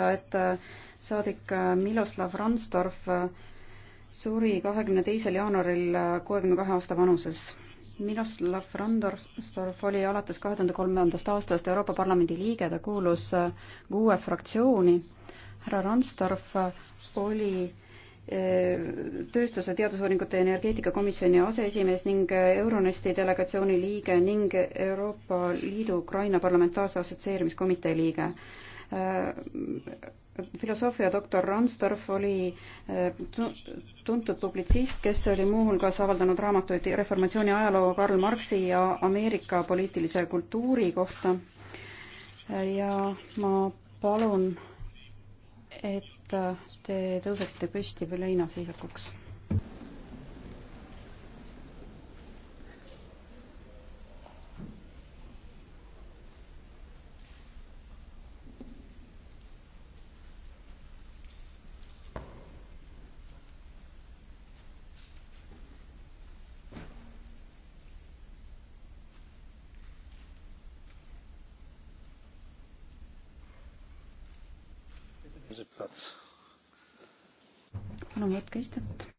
et äh, saadik äh, Miloslav Randstorf äh, suri kahekümne teisel jaanuaril kuuekümne kahe aasta vanuses. Miloslav Randstorf oli alates kahe tuhande kolmandast aastast Euroopa Parlamendi liige, ta kuulus kuue fraktsiooni. härra Randstorf oli tööstus- ja teadusuuringute energeetikakomisjoni aseesimees ning Euronesti delegatsiooni liige ning Euroopa Liidu Ukraina parlamentaarse assotsieerimiskomitee liige Äh, filosoofiadoktor Ransdorf oli äh, tuntud publitsist, kes oli muuhulgas avaldanud raamatuid reformatsiooni ajaloo Karl Marxi ja Ameerika poliitilise kultuuri kohta. Äh, ja ma palun, et te tõuseksite püsti või leinaseisakuks palun võtke istet.